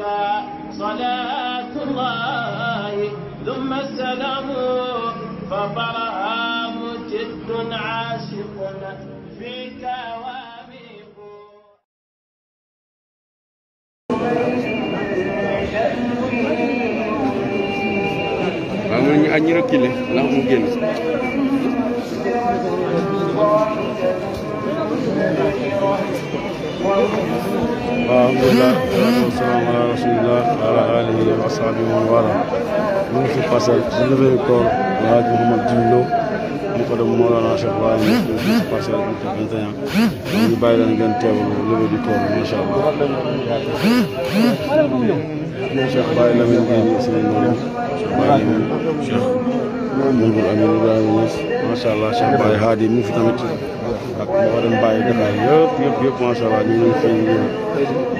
عليك صلاة الله ثم السلام فطرها مجد عاشق فيك واميق waaw mën nañu àññi reculer ndax mu génn alhamdulilah wasalaam ala rasulillah wa ala alihi wa sahbihi wa wala ñu ngi ci Parcelles ci levée corps laaj Mouhamad mu ko dem Mawlana Cheikh Ibrahim ci Parcelles unité 21 ñu bàyyi leen ngeen teewlu levée du corps macha allah Cheikh Baye Lamine Gueye si Cheikh Baye Mamadou Amine Ibrahima Niass Hadi mu fi tamit ak moo dem Dakar yëpp yëpp yëpp macha allah ñu ngi fi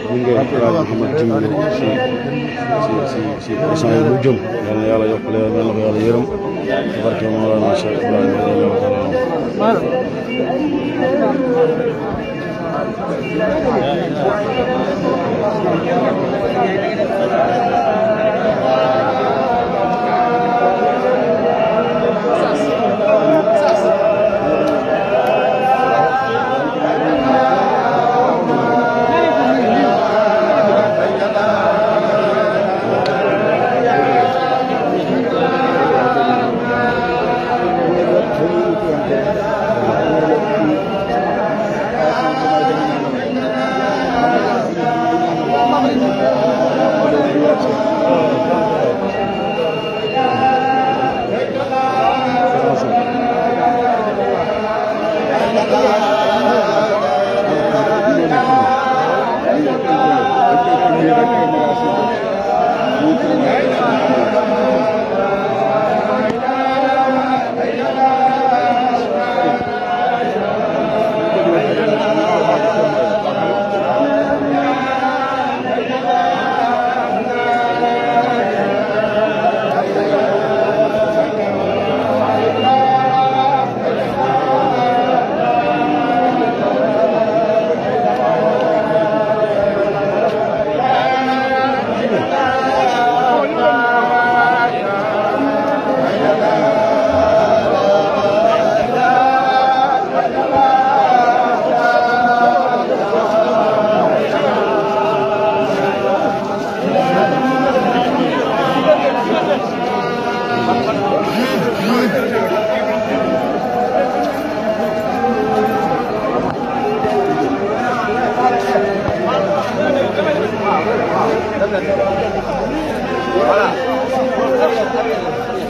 gunge Alaaji Mouhamed dimbali si si si si bu jëm yal na yàlla yokk leen yal na ko yàlla yërëm ci barke Mawlana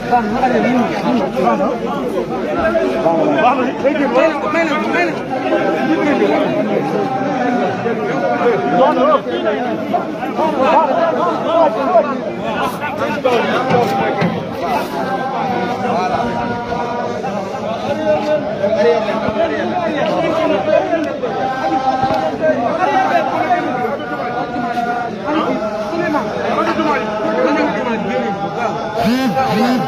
Voilà. Mâine, mâine,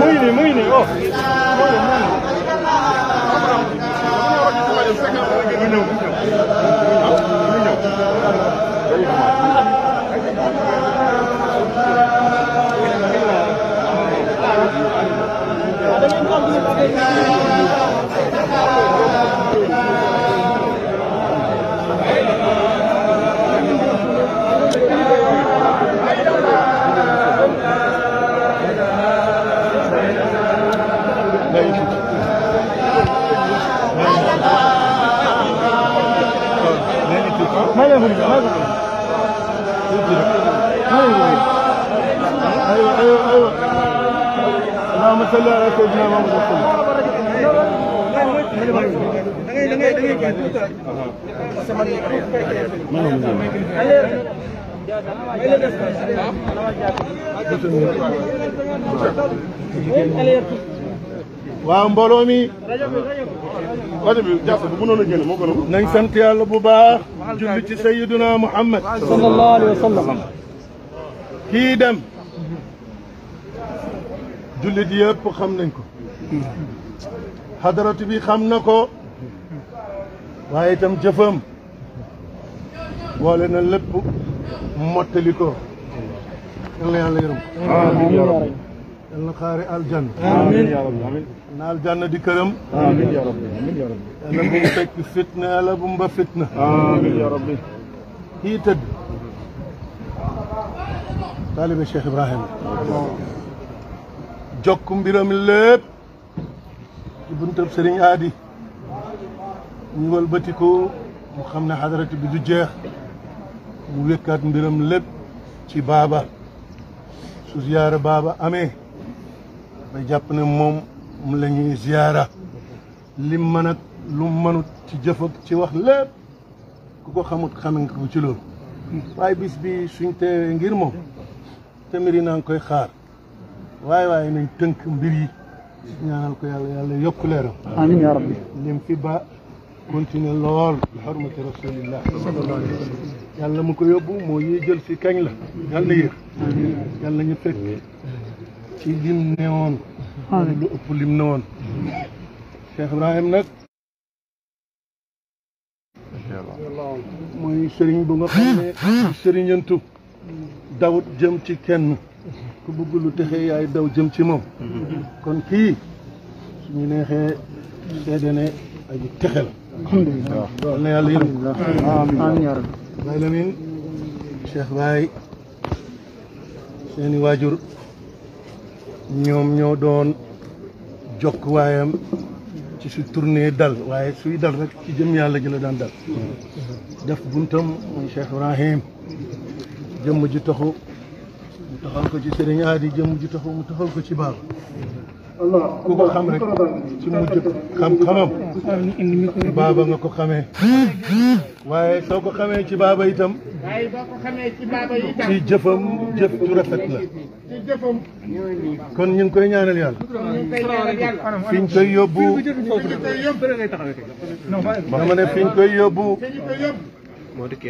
oh! Mâine, mâine! Mâine, mâine! ايوه ايوه ايوه اللهم صل على سيدنا محمد waaw mbooloo mi rajo bi jàpp yàlla bu baax ci sayyiduna Muhammad sallallahu jullit yëpp xam nañ ko bi xam na ko waaye itam jëfam boole na lépp mottali ko yal na yàlla yërëm yal na xaari aljanna na aljanna di këram yàlla bu mu fekk fitna yàlla bu mu ba fitna kii tëdd taalibe Cheikh jokk mbiram lépp ci buntab sëriñ aadi ñu wëlbatiku mu xam ne xadarati bi du jeex mu wékkaat mbiram lépp ci baaba su ziyaara baaba amee ba jàpp ne moom mu la ñuy ziyaara lim mën ci jëf ci wax lépp ku ko xamut xame nga ko ci loolu waaye bis bi suñ teewee ngir moom te mbir yi naa ngi koy xaar waaye waaye nañ tënk mbir yi ñaanal ko yàlla yàlla yokk leeram amiin lool bi xormati rasulillah sallallahu alayhi mu ko yóbbu moo ñuy jël si kañ la yàlla na yéex yàlla fekk ci lim ne woon lu ëpp lim ne woon Cheikh Ibrahim nag mooy sëriñ bu nga xam ne sëriñantu dawut jëm ci kenn ku bëgg lu texe yaay daw jëm ci moom kon kii suñu neexee seede ne aji texe yàlla yërëm seeni waajur ñoom ñoo doon jokk waayam ci su tournée dal waaye suy dal rek ci jëm yàlla ji la daan dal mm-hmm. def buntam mooy Cheikh Ibrahim jëmm ji taxu mu taxal ko ci sëriñ aadi jëm ji taxaw mu taxal ko ci baaba ku ko xam rek ci mujj xam-xamam baaba nga ko xamee waaye soo ko xamee ci baaba itam ci jëfam jëf ju rafet la kon ñu koy ñaanal yàlla fiñ ñu koy yóbbu dama ne fi ñu koy yóbbu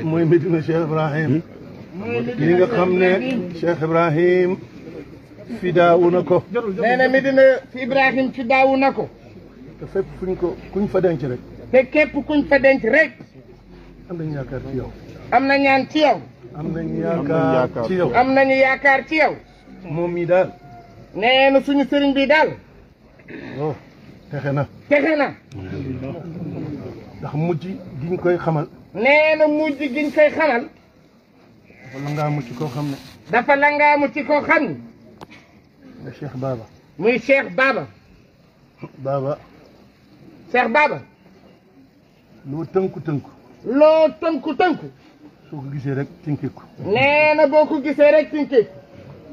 mooy Medina Cheikh Ibrahim li nga xam ne Cheikh Ibrahim na ko nee na Medina Ibrahim fidaawu na ko te fuñ ko kuñ fa denc rek te képp kuñ fa denc rek am nañ yaakaar ci yow na ñaan ci yow am nañu yow am nañu yaakaar ci yow moom mi daal nee suñu sëriñ bi daal o oh, texe na texe na ndax mujj giñ koy xamal nee na mujj giñ koy xamal dafa langaamu ci koo xam ne. dafa langaamu ci ko xam ne. muy Cheikh Baba. muy Cheikh Baba. Baba. Cheikh Baba. loo tënku tënku. loo tënku tënku. soo ko gisee rek tinkiku. nee na boo ko gisee rek tinkiku.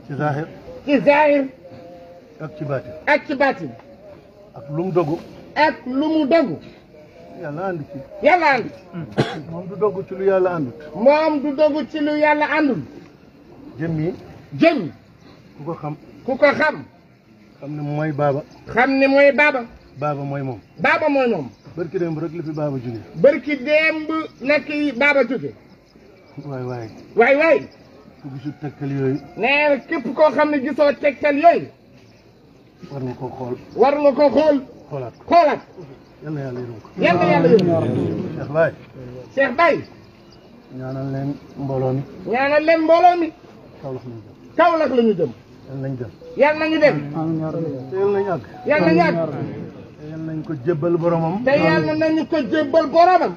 ci zahir. ci zahir. ak ci baatin. ak ci lu mu dogu. ak lu mu dogu. yàlla ànd ci. moom du dogg ci lu yàlla àndul. ci lu yàlla àndul. jëm ku ko xam. ku ko xam. xam ne mooy baaba. xam ne mooy baaba. baaba mooy moom. baaba mooy moom. barki démb la fi baaba jóge. barki démb nekk baaba jóge. waay waay. waay waay. ku gisul tegtal yooyu. nee na képp koo xam ne gisoo tegtal yooyu. war nga koo xool. war nga koo xool. xoolaat ko yal na yàlla yërëm ko. yal na yàlla yërëm ko. Cheikh Baye. Cheikh Baye. ñaanal leen mbooloo mi. ñaanal leen mbooloo mi. Kaolack la ñu jëm. Kaolack la ñu jëm. yal nañ dem. yal nañu dem. yal nañu àgg. yal nañu àgg. yal nañ ko jébbal boromam. te yal nañu ko jébbal boromam.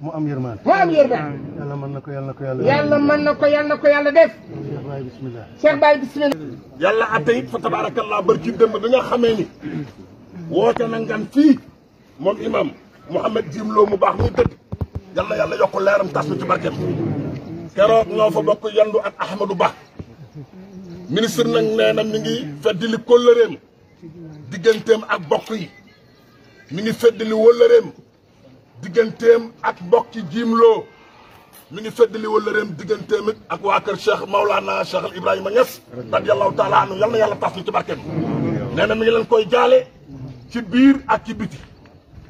mu am yërmande. mu am yërmande. yàlla mën na ko yàlla na ko yàlla. yàlla mën na ko yàlla na ko yàlla def. Cheikh Baye bisimilah. Cheikh Baye bisimilah. yàlla atte it fa tabaarakallaa barki démb bi nga xamee ni. woote na ngan fii. moom imam Mouhamed Jim Lo mu baax muy tëdd yal na yàlla yokk leeram tas ci barkeem keroog ñoo fa bokk yandu ak Ahmadou Ba ministre nag nee mi ngi feddali kóllëreem digganteem ak bokk yi mi ngi feddali wëllëreem digganteem ak mbokki Jim Lo mi ngi feddali wëllëreem digganteem ak waa kër Cheikh Maulana Cheikh Ibrahima Niass radiyallahu taala anhu yal na yàlla tas ci barkeem nee mi ngi leen koy jaale ci biir ak ci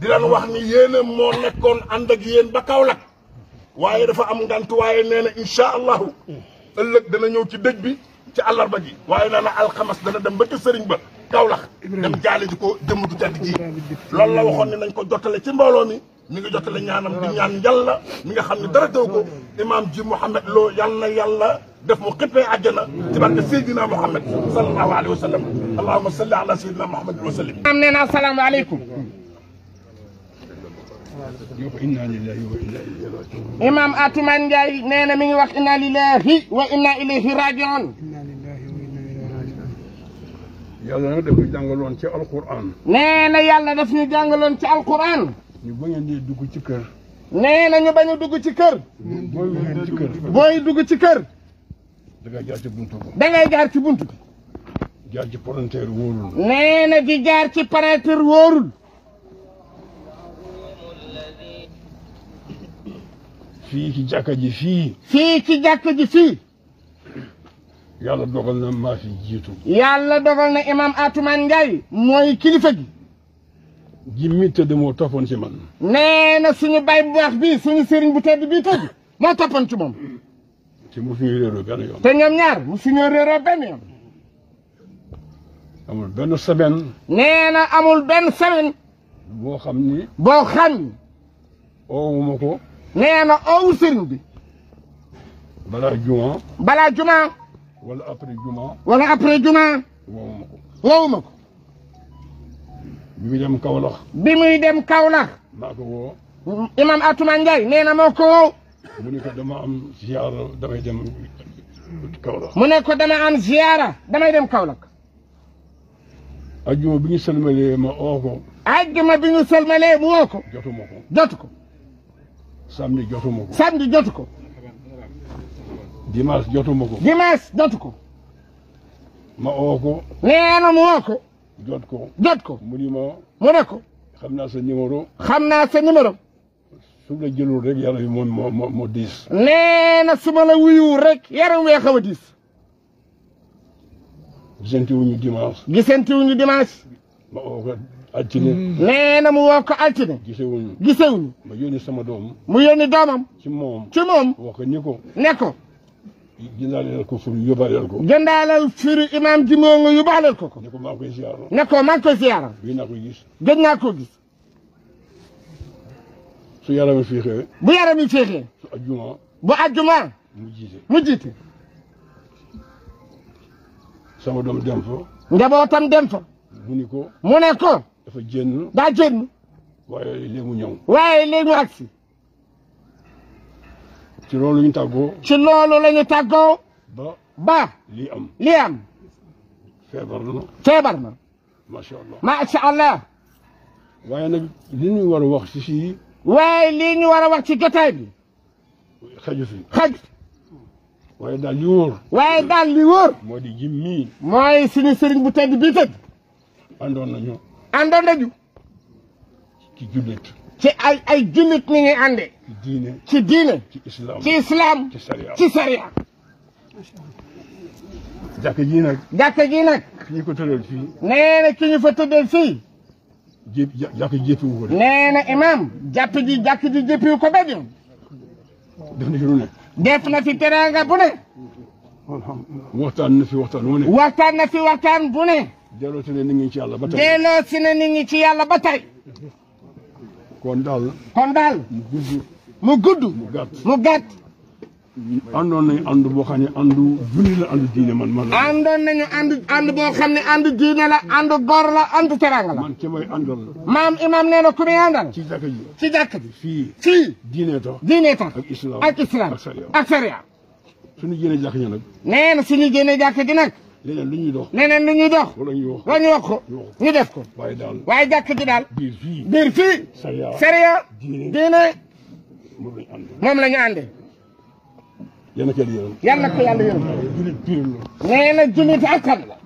di leen wax ni yéen a moo nekkoon ànd ji yéen ba Kaolack waaye dafa am ngant waaye nee na incha allahu ëllëg dana ñëw ci dëj bi ci àllarba ji waaye nee na alxames dana dem ba ca sëriñ ba Kaolack dem jaale ji ko jëmm du jant ji loolu la waxoon ni nañ ko jottale ci mbooloo mi mi ngi jottale ñaanam di ñaan yàlla mi nga xam ne dara teew ko imaam ji Mouhamed loo yàlla na yàlla def mu xippee àjjana ci barke Seydina Mouhamed sallallahu alayhi wa sallam allahumma salli ala Seydina Mouhamed wa sallim am nee na asalaamaaleykum imaam Atoumane Ndiaye nee na mi ngi wax inna lillahi wa inna ilayhi rajiun. yàlla nag daf ñu jàngaloon ci alquran. nee na yàlla daf ñu jàngaloon ci alquran. ñu bañ a dugg ci kër. nee na ñu bañ a dugg ci kër. booy dugg ci kër. booy dugg ci da ngay jaar ci buntu bi. da ngay jaar ci buntu jaar ci palanteer wóorul. fii ci jàkka ji fii. fii ci jàkka ji fii. yàlla dogal na maa fi jiitu. yàlla dogal na imam Atoumane Ndiaye. mooy kilifa gi. ji mi tëdd moo toppoon ci man. nee suñu bay bu baax bii suñu sëriñ bu tëdd bii tëdd moo toppoon ci moom. te mu suñu réeroo benn yoon. te ñoom ñaar mu suñu réeroo benn yoon. amul benn semaine. nee amul benn semaine. boo xam ni. boo xam. oowuma ko. nee na ow sëriñ bi. balaa juma. balaa juma. wala après juma. wala après juma. wowuma ko. wowuma ko. bi muy dem Kaolack. bi muy dem Kaolack. maa ko woo. imam Atuma Ndiaye nee na moo ko dama am ziara damay dem Kaolack. mu ne ko dama am ziara damay dem bi ñu sëlmalee ma oo mu woo ko. samedi jotuma ko. samedi jotu ko. dimanche jotuma ko. dimanche jotu ko. ma oo ko. nee na mu oo ko. jot ko. jot ko mu ni ma. mu ne ko. xam naa sa numéro. xam naa sa numéro. su la jëlul rek yaram wi moom moo diis. nee na su ma la wuyuwul rek yaram wee xaw a diis. gisante wuñu dimanche. gisante ma oo ko. altine mm. nee na mu woo ko altine gisewuñu gisewuñu ma yónni sama doom mu yónni doomam ci moom ci moom wax ko ni ko ne ko jëndaaleel ko furu yóbbaaleel ko imaam ji moo ko ko maa ko maa ngi koy gis gëj ko gis su yaram yi bu yaram yi féexee su ajjuma bu ajjuma mu jiite mu jiite sama doom dem fa njabootam dem fa mu ni mu ne dafa génn. daa génn. waaye léegi mu ñëw. waaye léegi mu agsi. ci loolu ñu taggoo ci loolu la ñu tàggoo. ba ba. lii am lii am. feebar na. feebar na. macha allah waaye nag li ñu war a wax ci fii. waaye lii ñu war a wax ci jotaay bi. xaju fi xaj. waaye daal li wóor. waaye daal li wóor. moo di jim mii. mooy suñu sëriñ bu tedd bii tëdd. àndoon nañu. ànda nañu ci jullit ci ay ay jullit ni ñuy ànde ci diine ci diine ci islam ci islam ci sariya jàkka ji nag jàkka ji nag ki ñu ko tëral fii nee na ki ñu fa tëddal fii jé jàkk ji jéppiwu ko nee na imam jàpp ji jàkk ji jéppiwu ko béjum def na fi teraanga bu waxtaan na fi waxtaan bu delloo si ni nit ñi ci yàlla ba tey. si ne nit ñi ci yàlla ba tey. kon daal. kon daal. mu gudd. mu gudd. mu gàtt mu na àndoon nañu boo xam ne àndu julli la àndu diine man man la. àndoon nañu ànd boo xam ne àndu diine la àndu gor la àndu teranga la. man ci may àndal. maam imam nee na ku ci jàkka ji ci jàkka ji. fii fii. diine tax diine tax. ak islam ak islam ak sariya. ak sariya. suñu jàkka ji nag. nee na suñu génnee jàkka ji nag. leneen lu ñuy dox leneen lu ñuy dox wala ñu def ko waaye daal waaye jàkk ji daal biir fii biir fii sariya diine moom la ñu ànde yàlla ko yàlla yërëm nee na julit ak kan la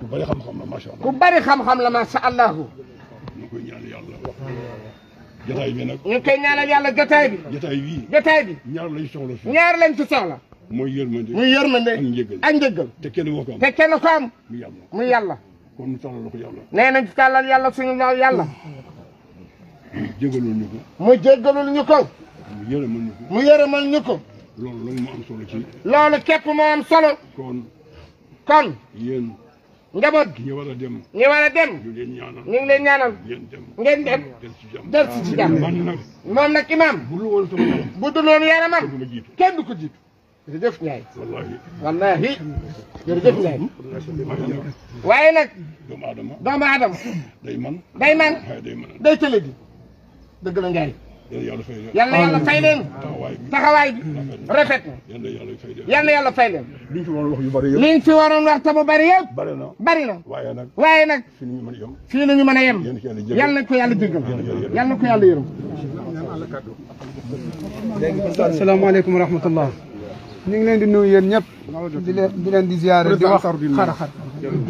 ku bari xam-xam la macha allah ku bari xam-xam la macha ñu koy ñaanal yàlla jotaay ñu koy ñaanal yàlla jotaay bi jotaay bi jotaay ñaar lañ soxla ñaar lañ muy yërmande muy yërmande ak njëgal ak njëgal te kenn ko am te kenn ko am muy yàlla muy yàlla kon ñu tàllal ko yàlla nee nañ ci tàllal yàlla suñu law yàlla mu jégalul ñu ko mu jégalul ñu ko mu yërëmal ñu ko mu yërëmal ñu ko loolu loolu moo am solo ci loolu képp moo am solo kon kon yéen njaboot gi ñu war a dem ñu war a dem ñu ngi leen ñaanal ñu ngi leen ñaanal ngeen dem del si ci jàmm moom nag imaam bu dul woon yaramam kenn du ko jiitu jërëjëf Ndiaye. wallaahi jërëjëf Ndiaye. waaye nag. doomu aadama doomu aadama. day man day man day tële ji. dëgg la Ndiaye. yal na yàlla fay leen. taxawaay bi rafet na. yal na yàlla fay leen. liñ fi waroon wax yu bari yëpp. liñ fi waroon wax te bu bari yëpp. bari na bari na. waaye nag waaye nag. fii nañu mën a yem. fii nañu mën a yem. yal na ko yàlla jéggal. yal na ko yàlla yërëm. asalaamaaleykum wa rahmatullah. ñu ngi leen di nuyu yéen ñëpp. di leen di leen di ziare di wax xar xar.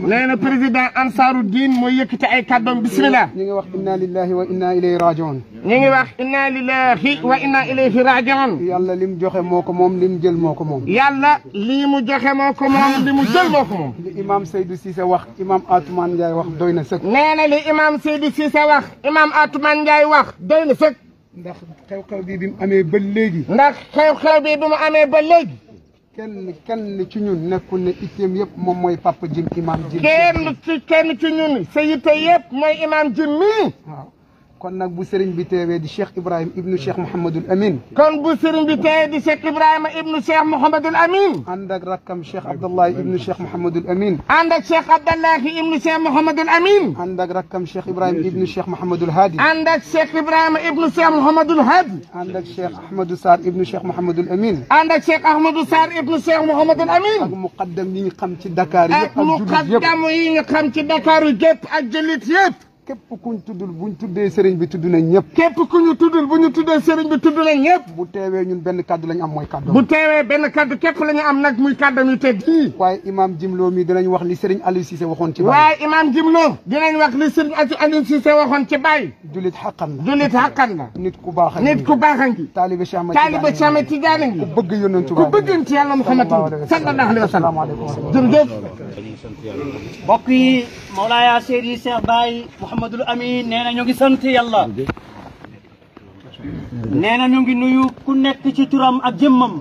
nee na président ansaaru diin mooy ñu ngi wax inna lillahi wa inna ilayhi rajiun. ñu ngi wax inna lillahi wa li mu joxe moo ko moom li mu jël moo ko moom. yàlla lii mu joxe moo ko moom li mu jël moo ko moom. li imaam Seydou Cissé wax imaam Atoumane Ndiaye wax doy na sëkk. nee na li imaam Seydou Cissé wax imaam Atoumane Ndiaye wax doy na sëkk. ndax xew-xew bi amee ba léegi. ndax ba léegi. kenn kenn ci ñun nekkul ne itteem yëpp moom mooy papa jim imam jim kenn ci kenn ci ñun sa yitte yëpp mooy imam jim waaw kon nag bu sëriñ bi teewee di cheikh Ibrahima ibnu cheikh Mouhamadul Amin. kon bu sëriñ bi teewee di cheikh Ibrahima ibnu cheikh Mouhamadul Amin. ànd ak rakkam cheikh Abdallahi ibnu cheikh Mouhamadul Amin. ànd ak cheikh Abdallahi ibnu cheikh Mouhamadul Amin. ànd ak rakkam cheikh Ibrahima ibnu cheikh Mouhamadul Hadi. ànd ak cheikh Ibrahima ibnu cheikh Mouhamadul Hadi. ànd ak cheikh Ahmadou Sarr ibnu cheikh Mouhamadul Amin. ànd ak cheikh Ahmadou Sarr ibnu cheikh Mouhamadul Amin. ak muqaddam yi ñu xam ci Dakar yëpp ak jullit yëpp ak muqaddam yi ñu xam ci Dakar yëpp ak jullit yëpp képp kuñ tuddul buñ tuddee sëriñ bi tudd waaye imaam Jimloo mi dinañ wax li sëriñ Aliou Cissé waxoon ci waaye imaam Jimloo dinañ wax li sëriñ Aliou Cissé waxoon ci bàyyi julit xaqan la julit xaqan la nit ku baax nit ku baax ngi taaliba Cheikh Ahmed taaliba Cheikh Ahmed Tidiane ngi ku bëgg yonentu ku bëggante yàlla Muhammad sallallahu alayhi wa sallam jërëjëf mbokk yi Mawlaaya Seydi Cheikh Baye Mouhamadul Amin nee na ñu sant yàlla na ñu ngi nuyu ku nekk ci turam ak jëmmam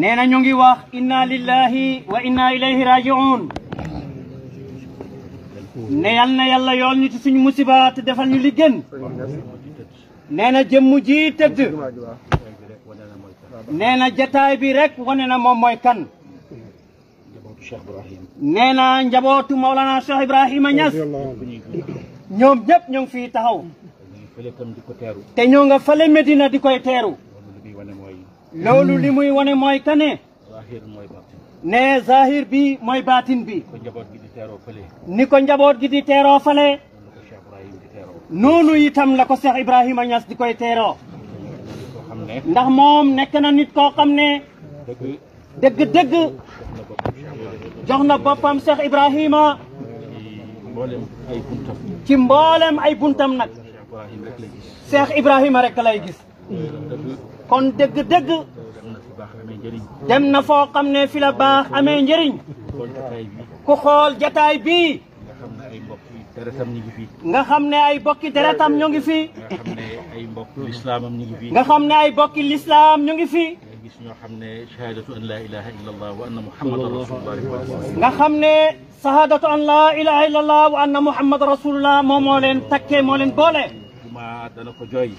nee na ñu ngi wax inna lillahi wa inna ilayhi raji'un ne yal na yàlla yool ñu ci suñu musiba defal ñu li gën nee na jëmm ji tëdd nee jataay bi rek wane na moom mooy kan Cheikh Ibrahim nee na njabootu Maolana Cheikh Ibrahima Niass. ñoom ñëpp ñu ngi fii taxaw. te ñoo nga fële Medina di koy teeru. loolu li muy wane mooy kane. ne zahir bi mooy baatin bi. ni ko njaboot gi di teeroo fële. noonu itam la ko Cheikh Ibrahima Niass di koy teeroo. ndax moom nekk na nit koo xam ne. dëgg dëgg. jox na boppam Cheikh Ibrahima ci mboolem ay buntam nag seex Ibrahima rek lay gis kon dégg dëgg dem na foo xam ne fi la baax amee njëriñ ku xool jataay bi nga xam ne ay bokki deretam fi nga xam ne ay bokki lislaamam ñu ngi fi nga xam ne ay bokki lislaam ñu ngi fi gis ñoo xam ne shahadatu an la ilaha illa allah wa anna muhammadan rasulullah nga xam ne shahadatu an la ilaha illa allah wa anna muhammadan rasulullah moom moo leen takkee moo leen boole jumaa dana ko jooy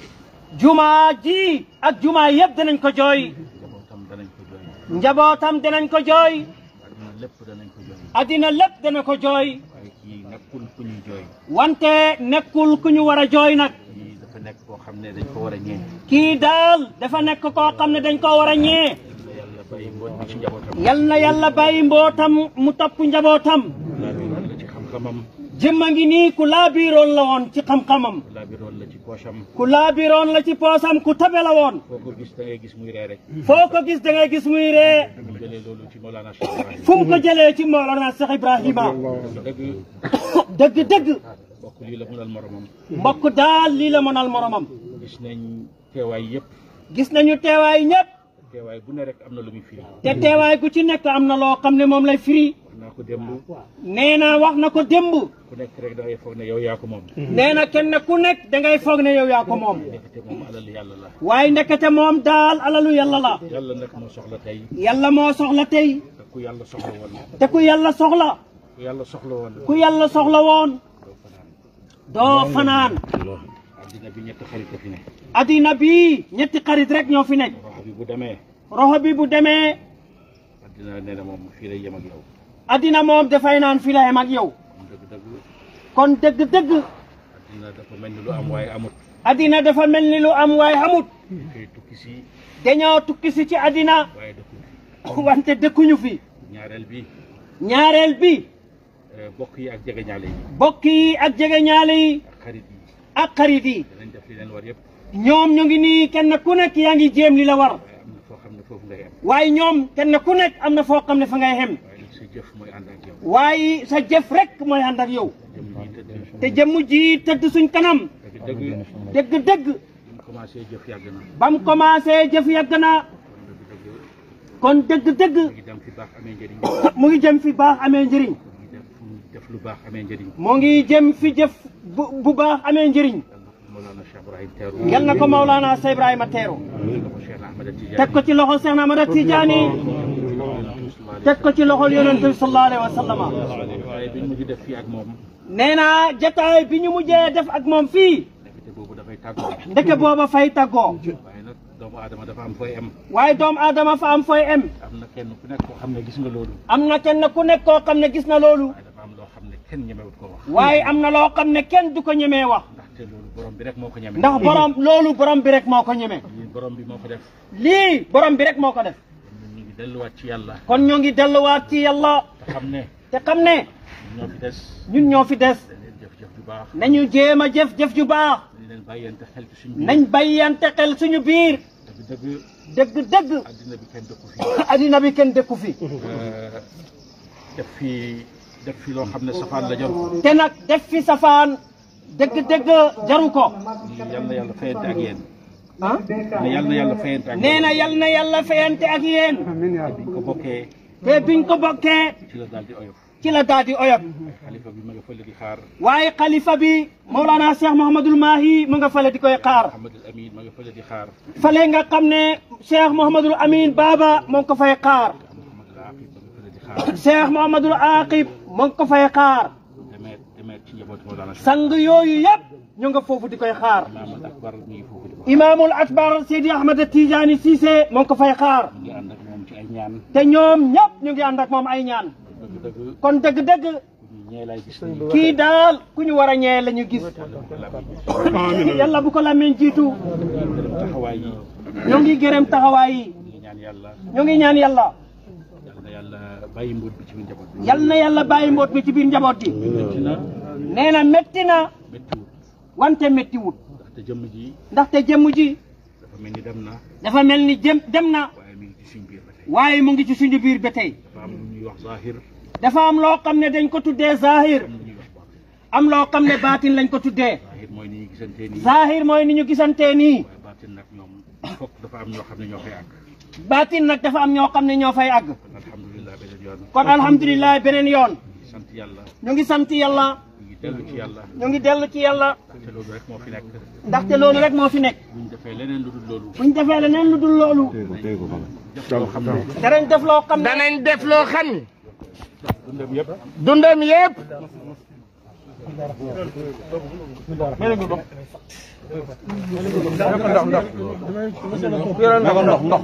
jumaa ji ak jumaa yëpp danañ ko jooy njabootam danañ ko jooy njabootam danañ ko jooy addina lépp danañ ko jooy addina lépp dana ko jooy waaye kii nekkul ku ñuy jooy wante nekkul ku ñu war a jooy nag nekk koo xam ne dañ ko war a ñee. kii daal dafa nekk koo xam ne dañ ko war a ñee. yal na yàlla bàyyi mbootam mu topp njabootam. jëmma ngi nii ku laabiroon la woon ci xam-xamam. ku la ci poosam. ku laabiroon la ci poosam ku tabe la woon. foo ko gis da gis muy ree gis da ngay gis muy ree. fu mu ko jëlee loolu ci Mawlana Cheikh ci Mawlana Cheikh Ibrahima. dëgg dëgg. lii la mënal moromam. mbokk daal lii la mënal moromam. gis nañ teewaay yëpp. gis nañu teewaay ñëpp. teewaay bu ne rek am na lu muy firi. te teewaay gu ci nekk am na loo xam ne moom lay firi. wax ko démb. nee na wax na ko démb. ku nekk rek dangay foog ne yow yaa ko moom. nee na kenn ku nekk dangay foog ne yow yaa ko moom. yàlla la. waaye ndekete moom daal alalu yàlla la. yàlla nag moo soxla tey. yàlla moo soxla tey. te ku yàlla soxla woon. te ku yàlla soxla. ku yàlla ku yàlla soxla woon. doo fanaan. addina bi ñetti xarit fi nekk. addina bi ñetti xarit rek ñoo fi nekk. roxo bi bu demee. roxo bi bu demee. addina nee moom fii lay yem ak yow. addina moom dafay naan fii la yem ak yow. kon dëgg-dëgg. addina dafa mel ni lu am waaye amut. addina dafa mel ni lu am waaye amut. dañoo tukki si. dañoo tukki si ci addina. wante dëkkuñu fi. ñaareel bi. ñaareel bi. Euh, bokk yi ak jegeñaale yi. bokk yi ak jegeñaale yi. ak xarit yi. ak xarit yi. def li yëpp. ñoom ñu ngi nii kenn ku nekk yaa ngi jéem li la war. waaye am na foofu ngay waaye ñoom kenn ku nekk am na foo xam ne fa ngay xem waaye sa jëf mooy ànd waaye sa jëf rek mooy ànd ak yow. te jëmm ji tëdd suñ kanam. dëgg dëgg dëgg. ba mu commencé jëf yàgg ba mu commencé jëf yàgg kon dëgg dëgg. mu ngi jëm fi baax amee njëriñ. jëf lu baax amee moo ngi jëm fi jëf bu bu baax amee njëriñ. yal na ko Mawlana Cheikh Ibrahima teeru. teg ko ci loxo Cheikh a Tidiane. teg ko ci loxol yonent bi sallallahu alayhi wa sallama. nee naa jataay bi ñu mujjee def ak moom fii. ndeke booba fay tàggoo. doomu aadama dafa am fooy em. waaye doomu aadama fa am fooy em. am na kenn ku nekk koo xam ne gis nga loolu. am na kenn ku nekk koo xam ne gis na loolu. kenn ñemewut koo waaye am na la loo xam ne kenn du ko ñemee wax. ndaxte loolu borom bi rek moo ko ñeme. ndax borom loolu borom bi rek moo ko ñeme. lii borom bi moo ko def. lii borom bi rek moo ko def. kon delluwaat ci yàlla. kon ñoo ngi delluwaat ci yàlla. te xam ne. te xam ne. ñun ñoo fi des. ñun ñoo fi des. nañu jéem a jëf jëf ju baax. nañ bàyyante xel suñu biir. nañ bàyyante xel suñu biir. dëgg dëgg. dëgg dëgg. addina bi kenn dëkku fi. fi. fii. def fi loo xam ne safaan la jaru ko. te nag def fi safaan dëgg-dëgg jaru ko. yal na yàlla fayante ak yéen. ah ne yal na yàlla fayante ak yéen nee na yal na yàlla fayante ak yéen. te biñ ko bokkee. te biñ ko bokkee. ci la daal di oyof. ci la daal di oyof. xalifa bi ma nga fële di xaar. waaye xalifa bi Mawlana Cheikh Mouhamadul Mahi ma nga fële di koy xaar. Mouhamadul Amin ma nga fële di xaar. fële nga xam ne Cheikh Mouhamadul Amin Baba moo ngi ko fay xaar. Cheikh Mouhamadul Aqib. ma ngi ko fay xaar sang yooyu yëpp ñu nga foofu di koy xaar imaamul akbar Seydi Ahmed Tidiane Cissé moo ngi ko fay xaar te ñoom ñëpp ñu ngi ànd ak moom ay ñaan kon dëgg-dëgg kii daal ku ñu war a ñee la ñu gis yàlla bu ko lameen jiitu ñu ngi gërëm taxawaay yi ñu ngi ñaan yàlla yal na yàlla bàyyi mboot bi ci biir njaboot bi. yal na yàlla bàyyi mboot bi ci biir njaboot bi. na nee na na. wante métti ndaxte jëmm ji. ndaxte jëmm ji. dafa mel ni dem na. dafa mel ni jëm dem na. waaye mu ngi ci suñu biir ba tey. waaye ba tey. dafa am ñuy wax dafa am loo xam ne dañ ko tuddee zahir. am loo xam ne baatin lañ ko tuddee. zahir mooy ni ñu gisantee nii. ni ñu gisantee nii. waaye baatin nag ñoom foog dafa am ñoo xam ne ñoo fay àgg. nag dafa am ñoo xam ne ñoo fay àgg. kon alhamdulilah beneen yoon. sant yàlla. ñu ngi sant yàlla. ñu ngi dellu ci yàlla. ñu ngi dellu ci yàlla. ndaxte loolu rek moo fi nekk. ndaxte rek moo fi nekk. bu ñu defee leneen lu dul loolu. bu ñu defee leneen lu dul loolu. danañ def loo xam ne. danañ def loo xam ne. dundam yëpp. dundam yëpp. ndox ndox